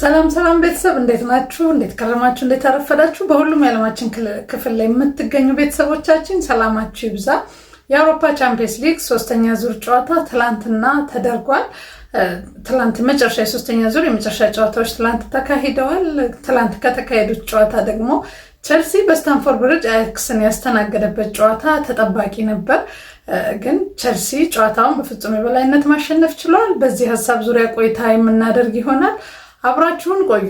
ሰላም ሰላም ቤተሰብ እንዴት ናችሁ? እንዴት ከረማችሁ? እንዴት አረፈዳችሁ? በሁሉም የዓለማችን ክፍል ላይ የምትገኙ ቤተሰቦቻችን ሰላማችሁ ይብዛ። የአውሮፓ ቻምፒየንስ ሊግ ሶስተኛ ዙር ጨዋታ ትላንትና ተደርጓል። ትላንት መጨረሻ የሶስተኛ ዙር የመጨረሻ ጨዋታዎች ትላንት ተካሂደዋል። ትላንት ከተካሄዱት ጨዋታ ደግሞ ቸልሲ በስታንፎርድ ብሪጅ አያክስን ያስተናገደበት ጨዋታ ተጠባቂ ነበር፣ ግን ቸልሲ ጨዋታውን በፍጹም የበላይነት ማሸነፍ ችሏል። በዚህ ሀሳብ ዙሪያ ቆይታ የምናደርግ ይሆናል። አብራችሁን ቆዩ።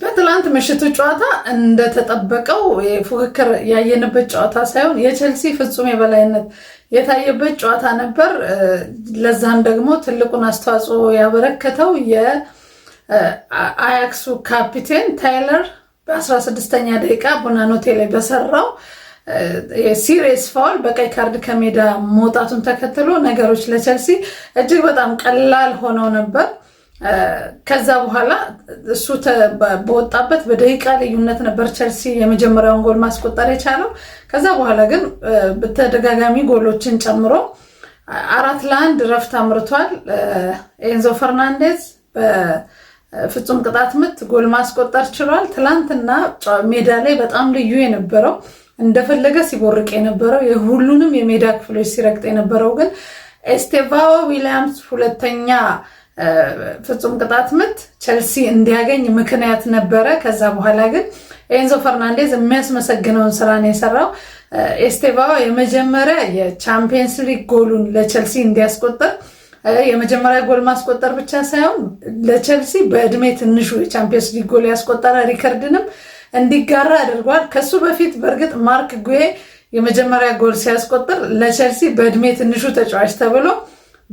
በትላንት ምሽቱ ጨዋታ እንደተጠበቀው ፉክክር ያየንበት ጨዋታ ሳይሆን የቼልሲ ፍጹም የበላይነት የታየበት ጨዋታ ነበር። ለዛም ደግሞ ትልቁን አስተዋጽኦ ያበረከተው የአያክሱ ካፒቴን ታይለር በ16ኛ ደቂቃ ቡናኖቴ ላይ በሰራው ሲሪየስ ፋውል በቀይ ካርድ ከሜዳ መውጣቱን ተከትሎ ነገሮች ለቼልሲ እጅግ በጣም ቀላል ሆነው ነበር። ከዛ በኋላ እሱ በወጣበት በደቂቃ ልዩነት ነበር ቸልሲ የመጀመሪያውን ጎል ማስቆጠር የቻለው። ከዛ በኋላ ግን በተደጋጋሚ ጎሎችን ጨምሮ አራት ለአንድ ረፍት አምርቷል። ኤንዞ ፈርናንዴዝ በፍጹም ቅጣት ምት ጎል ማስቆጠር ችሏል። ትላንትና ሜዳ ላይ በጣም ልዩ የነበረው እንደፈለገ ሲቦርቅ የነበረው የሁሉንም የሜዳ ክፍሎች ሲረግጥ የነበረው ግን ኤስቴቫ ዊሊያምስ ሁለተኛ ፍጹም ቅጣት ምት ቸልሲ እንዲያገኝ ምክንያት ነበረ። ከዛ በኋላ ግን ኤንዞ ፈርናንዴዝ የሚያስመሰግነውን ስራ ነው የሰራው። ኤስቴቫ የመጀመሪያ የቻምፒየንስ ሊግ ጎሉን ለቸልሲ እንዲያስቆጠር የመጀመሪያ ጎል ማስቆጠር ብቻ ሳይሆን ለቸልሲ በእድሜ ትንሹ የቻምፒየንስ ሊግ ጎል ያስቆጠረ ሪከርድንም እንዲጋራ አድርጓል። ከሱ በፊት በእርግጥ ማርክ ጉሄ የመጀመሪያ ጎል ሲያስቆጥር ለቸልሲ በእድሜ ትንሹ ተጫዋች ተብሎ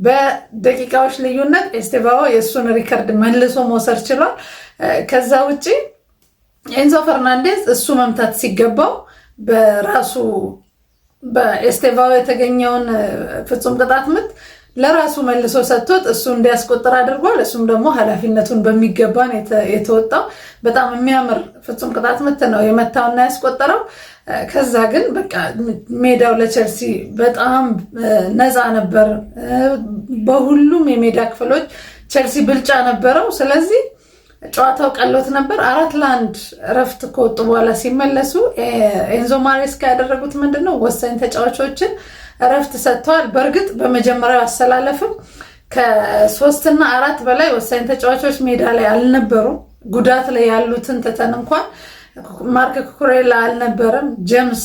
በደቂቃዎች ልዩነት ኤስቴቫኦ የእሱን ሪከርድ መልሶ መውሰድ ችሏል። ከዛ ውጭ ኤንዞ ፈርናንዴዝ እሱ መምታት ሲገባው በራሱ በኤስቴቫኦ የተገኘውን ፍጹም ቅጣት ምት ለራሱ መልሶ ሰጥቶት እሱ እንዲያስቆጥር አድርጓል። እሱም ደግሞ ኃላፊነቱን በሚገባ የተወጣው። በጣም የሚያምር ፍጹም ቅጣት ምት ነው የመታውና ያስቆጠረው። ከዛ ግን በቃ ሜዳው ለቸልሲ በጣም ነፃ ነበር። በሁሉም የሜዳ ክፍሎች ቸልሲ ብልጫ ነበረው። ስለዚህ ጨዋታው ቀሎት ነበር። አራት ለአንድ እረፍት ከወጡ በኋላ ሲመለሱ ኤንዞ ማሬስካ ያደረጉት ምንድን ነው ወሳኝ ተጫዋቾችን እረፍት ሰጥተዋል። በእርግጥ በመጀመሪያው አሰላለፍም ከሶስትና አራት በላይ ወሳኝ ተጫዋቾች ሜዳ ላይ አልነበሩም። ጉዳት ላይ ያሉትን ትተን እንኳን ማርክ ኩኩሬላ አልነበረም፣ ጀምስ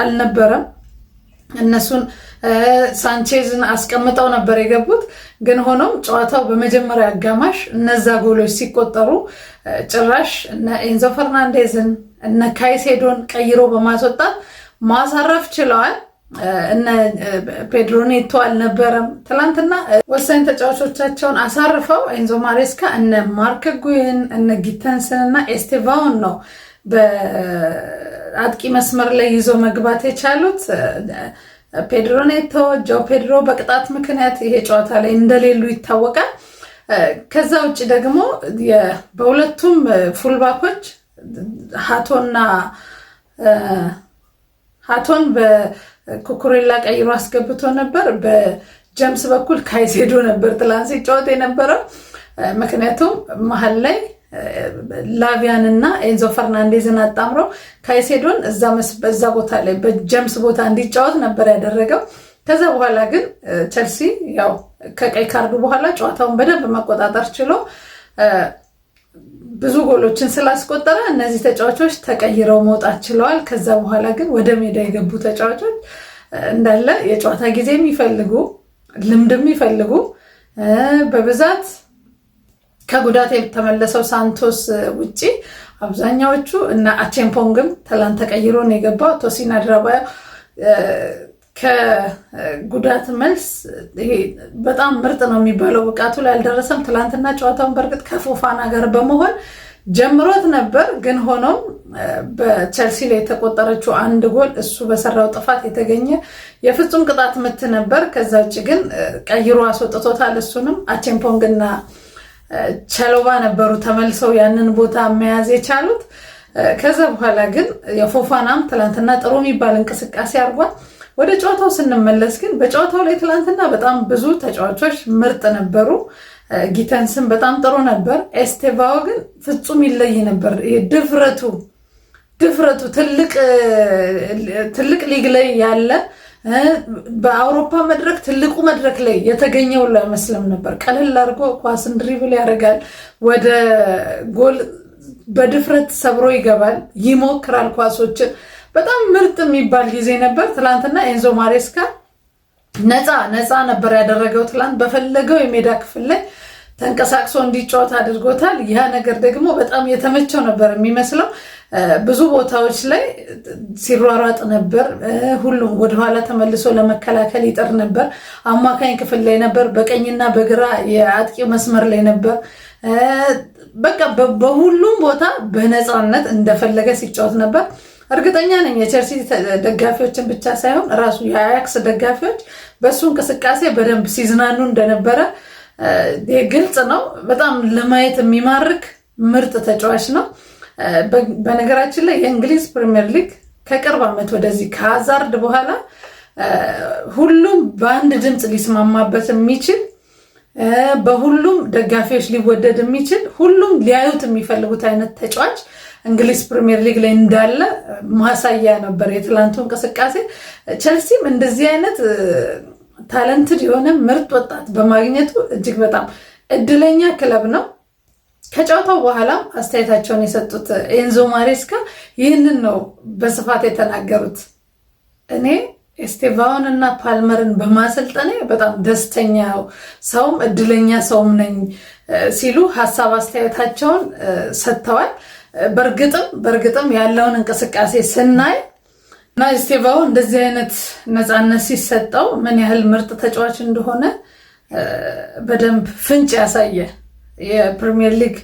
አልነበረም። እነሱን ሳንቼዝን አስቀምጠው ነበር የገቡት። ግን ሆኖም ጨዋታው በመጀመሪያ አጋማሽ እነዛ ጎሎች ሲቆጠሩ ጭራሽ እነ ኤንዞ ፈርናንዴዝን እነ ካይሴዶን ቀይሮ በማስወጣት ማሳረፍ ችለዋል። እነ ፔድሮ ኔቶ አልነበረም። ትላንትና ወሳኝ ተጫዋቾቻቸውን አሳርፈው ኤንዞ ማሬስካ እነ ማርክ ጉይን እነ ጊተንስን እና ኤስቴቫውን ነው በአጥቂ መስመር ላይ ይዞ መግባት የቻሉት። ፔድሮ ኔቶ፣ ጆ ፔድሮ በቅጣት ምክንያት ይሄ ጨዋታ ላይ እንደሌሉ ይታወቃል። ከዛ ውጭ ደግሞ በሁለቱም ፉልባኮች ሀቶና ሀቶን ኩኩሬላ ቀይሮ አስገብቶ ነበር። በጀምስ በኩል ካይሴዶ ነበር ትላንት ሲጫወት የነበረው። ምክንያቱም መሀል ላይ ላቪያን እና ኤንዞ ፈርናንዴዝን አጣምረው ካይሴዶን በዛ ቦታ ላይ በጀምስ ቦታ እንዲጫወት ነበር ያደረገው። ከዛ በኋላ ግን ቸልሲ ያው ከቀይ ካርዱ በኋላ ጨዋታውን በደንብ መቆጣጠር ችሎ ብዙ ጎሎችን ስላስቆጠረ እነዚህ ተጫዋቾች ተቀይረው መውጣት ችለዋል። ከዛ በኋላ ግን ወደ ሜዳ የገቡ ተጫዋቾች እንዳለ የጨዋታ ጊዜ የሚፈልጉ ልምድ የሚፈልጉ በብዛት ከጉዳት የተመለሰው ሳንቶስ ውጪ አብዛኛዎቹ እና አቼምፖንግም ትላንት ተቀይሮ ነው የገባው ቶሲን አድራባያ ከጉዳት መልስ ይሄ በጣም ምርጥ ነው የሚባለው ብቃቱ ላይ አልደረሰም። ትላንትና ጨዋታውን በእርግጥ ከፎፋና ጋር በመሆን ጀምሮት ነበር፣ ግን ሆኖም በቸልሲ ላይ የተቆጠረችው አንድ ጎል እሱ በሰራው ጥፋት የተገኘ የፍጹም ቅጣት ምት ነበር። ከዛ ውጭ ግን ቀይሮ አስወጥቶታል። እሱንም አቼምፖንግና ቸሎባ ነበሩ ተመልሰው ያንን ቦታ መያዝ የቻሉት። ከዛ በኋላ ግን የፎፋናም ትላንትና ጥሩ የሚባል እንቅስቃሴ አድርጓል። ወደ ጨዋታው ስንመለስ ግን በጨዋታው ላይ ትላንትና በጣም ብዙ ተጫዋቾች ምርጥ ነበሩ። ጊተንስን በጣም ጥሩ ነበር። ኤስቴቫው ግን ፍጹም ይለይ ነበር። ድፍረቱ ድፍረቱ ትልቅ ሊግ ላይ ያለ በአውሮፓ መድረክ ትልቁ መድረክ ላይ የተገኘው አይመስልም ነበር። ቀለል አድርጎ ኳስን ድሪብል ያደርጋል፣ ወደ ጎል በድፍረት ሰብሮ ይገባል፣ ይሞክራል ኳሶችን በጣም ምርጥ የሚባል ጊዜ ነበር። ትላንትና ኤንዞ ማሬስካ ነፃ ነፃ ነበር ያደረገው። ትላንት በፈለገው የሜዳ ክፍል ላይ ተንቀሳቅሶ እንዲጫወት አድርጎታል። ያ ነገር ደግሞ በጣም የተመቸው ነበር የሚመስለው። ብዙ ቦታዎች ላይ ሲሯሯጥ ነበር። ሁሉም ወደኋላ ተመልሶ ለመከላከል ይጥር ነበር። አማካኝ ክፍል ላይ ነበር፣ በቀኝና በግራ የአጥቂው መስመር ላይ ነበር። በቃ በሁሉም ቦታ በነፃነት እንደፈለገ ሲጫወት ነበር። እርግጠኛ ነኝ የቸልሲ ደጋፊዎችን ብቻ ሳይሆን ራሱ የአያክስ ደጋፊዎች በእሱ እንቅስቃሴ በደንብ ሲዝናኑ እንደነበረ ግልጽ ነው። በጣም ለማየት የሚማርክ ምርጥ ተጫዋች ነው። በነገራችን ላይ የእንግሊዝ ፕሪምየር ሊግ ከቅርብ ዓመት ወደዚህ ከሀዛርድ በኋላ ሁሉም በአንድ ድምፅ ሊስማማበት የሚችል በሁሉም ደጋፊዎች ሊወደድ የሚችል ሁሉም ሊያዩት የሚፈልጉት አይነት ተጫዋች እንግሊዝ ፕሪሚየር ሊግ ላይ እንዳለ ማሳያ ነበር የትላንቱ እንቅስቃሴ። ቸልሲም እንደዚህ አይነት ታለንትድ የሆነ ምርጥ ወጣት በማግኘቱ እጅግ በጣም እድለኛ ክለብ ነው። ከጨዋታው በኋላም አስተያየታቸውን የሰጡት ኤንዞ ማሬስካ ይህንን ነው በስፋት የተናገሩት። እኔ ኤስቴቫውን እና ፓልመርን በማሰልጠኔ በጣም ደስተኛ ሰውም እድለኛ ሰውም ነኝ ሲሉ ሀሳብ አስተያየታቸውን ሰጥተዋል። በእርግጥም በእርግጥም ያለውን እንቅስቃሴ ስናይ እና ስቴቫው እንደዚህ አይነት ነፃነት ሲሰጠው ምን ያህል ምርጥ ተጫዋች እንደሆነ በደንብ ፍንጭ ያሳየ የፕሪሚየር ሊግ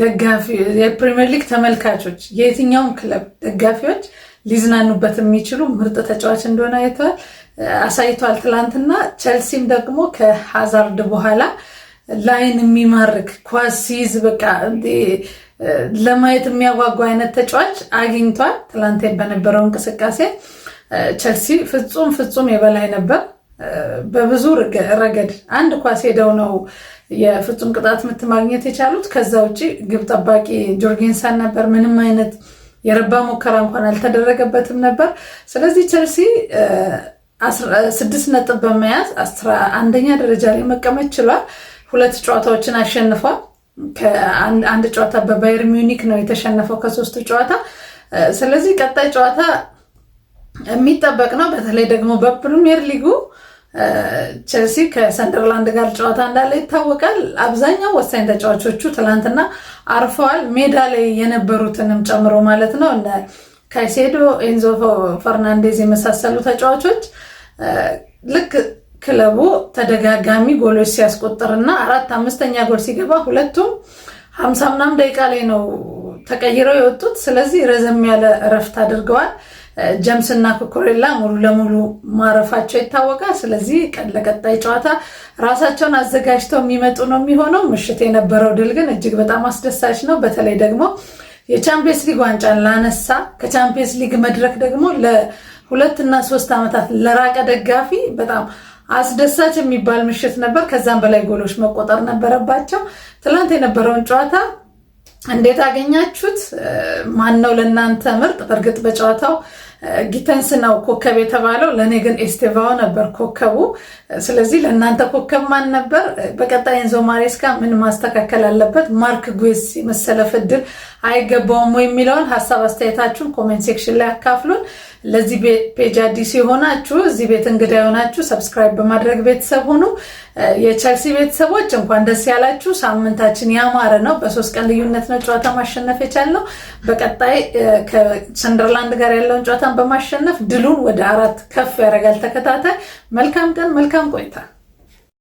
ደጋፊ የፕሪሚየር ሊግ ተመልካቾች የየትኛውም ክለብ ደጋፊዎች ሊዝናኑበት የሚችሉ ምርጥ ተጫዋች እንደሆነ አይተዋል አሳይቷል ትላንትና። ቸልሲም ደግሞ ከሀዛርድ በኋላ ላይን የሚማርክ ኳስ ሲይዝ በቃ ለማየት የሚያጓጓ አይነት ተጫዋች አግኝቷል። ትላንት በነበረው እንቅስቃሴ ቸልሲ ፍጹም ፍጹም የበላይ ነበር። በብዙ ረገድ አንድ ኳስ ሄደው ነው የፍጹም ቅጣት ምት ማግኘት የቻሉት። ከዛ ውጭ ግብ ጠባቂ ጆርጌንሳን ነበር። ምንም አይነት የረባ ሙከራ እንኳን አልተደረገበትም ነበር። ስለዚህ ቸልሲ ስድስት ነጥብ በመያዝ አስራ አንደኛ ደረጃ ላይ መቀመጥ ችሏል። ሁለት ጨዋታዎችን አሸንፏል። አንድ ጨዋታ በባየር ሚዩኒክ ነው የተሸነፈው ከሶስቱ ጨዋታ። ስለዚህ ቀጣይ ጨዋታ የሚጠበቅ ነው። በተለይ ደግሞ በፕሪሚየር ሊጉ ቼልሲ ከሰንደርላንድ ጋር ጨዋታ እንዳለ ይታወቃል። አብዛኛው ወሳኝ ተጫዋቾቹ ትላንትና አርፈዋል፣ ሜዳ ላይ የነበሩትንም ጨምሮ ማለት ነው። እነ ካይሴዶ፣ ኤንዞ ፈርናንዴዝ የመሳሰሉ ተጫዋቾች ልክ ክለቡ ተደጋጋሚ ጎሎች ሲያስቆጥርና አራት አምስተኛ ጎል ሲገባ ሁለቱም ሀምሳ ምናምን ደቂቃ ላይ ነው ተቀይረው የወጡት። ስለዚህ ረዘም ያለ እረፍት አድርገዋል። ጀምስ እና ኮኮሬላ ሙሉ ለሙሉ ማረፋቸው ይታወቃል። ስለዚህ ቀን ለቀጣይ ጨዋታ ራሳቸውን አዘጋጅተው የሚመጡ ነው የሚሆነው። ምሽት የነበረው ድል ግን እጅግ በጣም አስደሳች ነው። በተለይ ደግሞ የቻምፒየንስ ሊግ ዋንጫን ላነሳ ከቻምፒየንስ ሊግ መድረክ ደግሞ ለሁለት እና ሶስት ዓመታት ለራቀ ደጋፊ በጣም አስደሳች የሚባል ምሽት ነበር። ከዛም በላይ ጎሎች መቆጠር ነበረባቸው። ትላንት የነበረውን ጨዋታ እንዴት አገኛችሁት? ማን ነው ለእናንተ ምርጥ? በእርግጥ በጨዋታው ጊተንስ ነው ኮከብ የተባለው፣ ለእኔ ግን ኤስቴቫው ነበር ኮከቡ። ስለዚህ ለእናንተ ኮከብ ማን ነበር? በቀጣይ ኤንዞ ማሬስካ ምን ማስተካከል አለበት? ማርክ ጉስ የመሰለፍ እድል አይገባውም የሚለውን ሀሳብ አስተያየታችሁን ኮሜንት ሴክሽን ላይ አካፍሉን። ለዚህ ፔጅ አዲስ የሆናችሁ እዚህ ቤት እንግዳ የሆናችሁ ሰብስክራይብ በማድረግ ቤተሰብ ሁኑ። የቸልሲ ቤተሰቦች እንኳን ደስ ያላችሁ። ሳምንታችን ያማረ ነው። በሶስት ቀን ልዩነት ነው ጨዋታ ማሸነፍ የቻልነው። በቀጣይ ከሰንደርላንድ ጋር ያለውን ጨዋታን በማሸነፍ ድሉን ወደ አራት ከፍ ያደርጋል። ተከታታይ መልካም ቀን፣ መልካም ቆይታ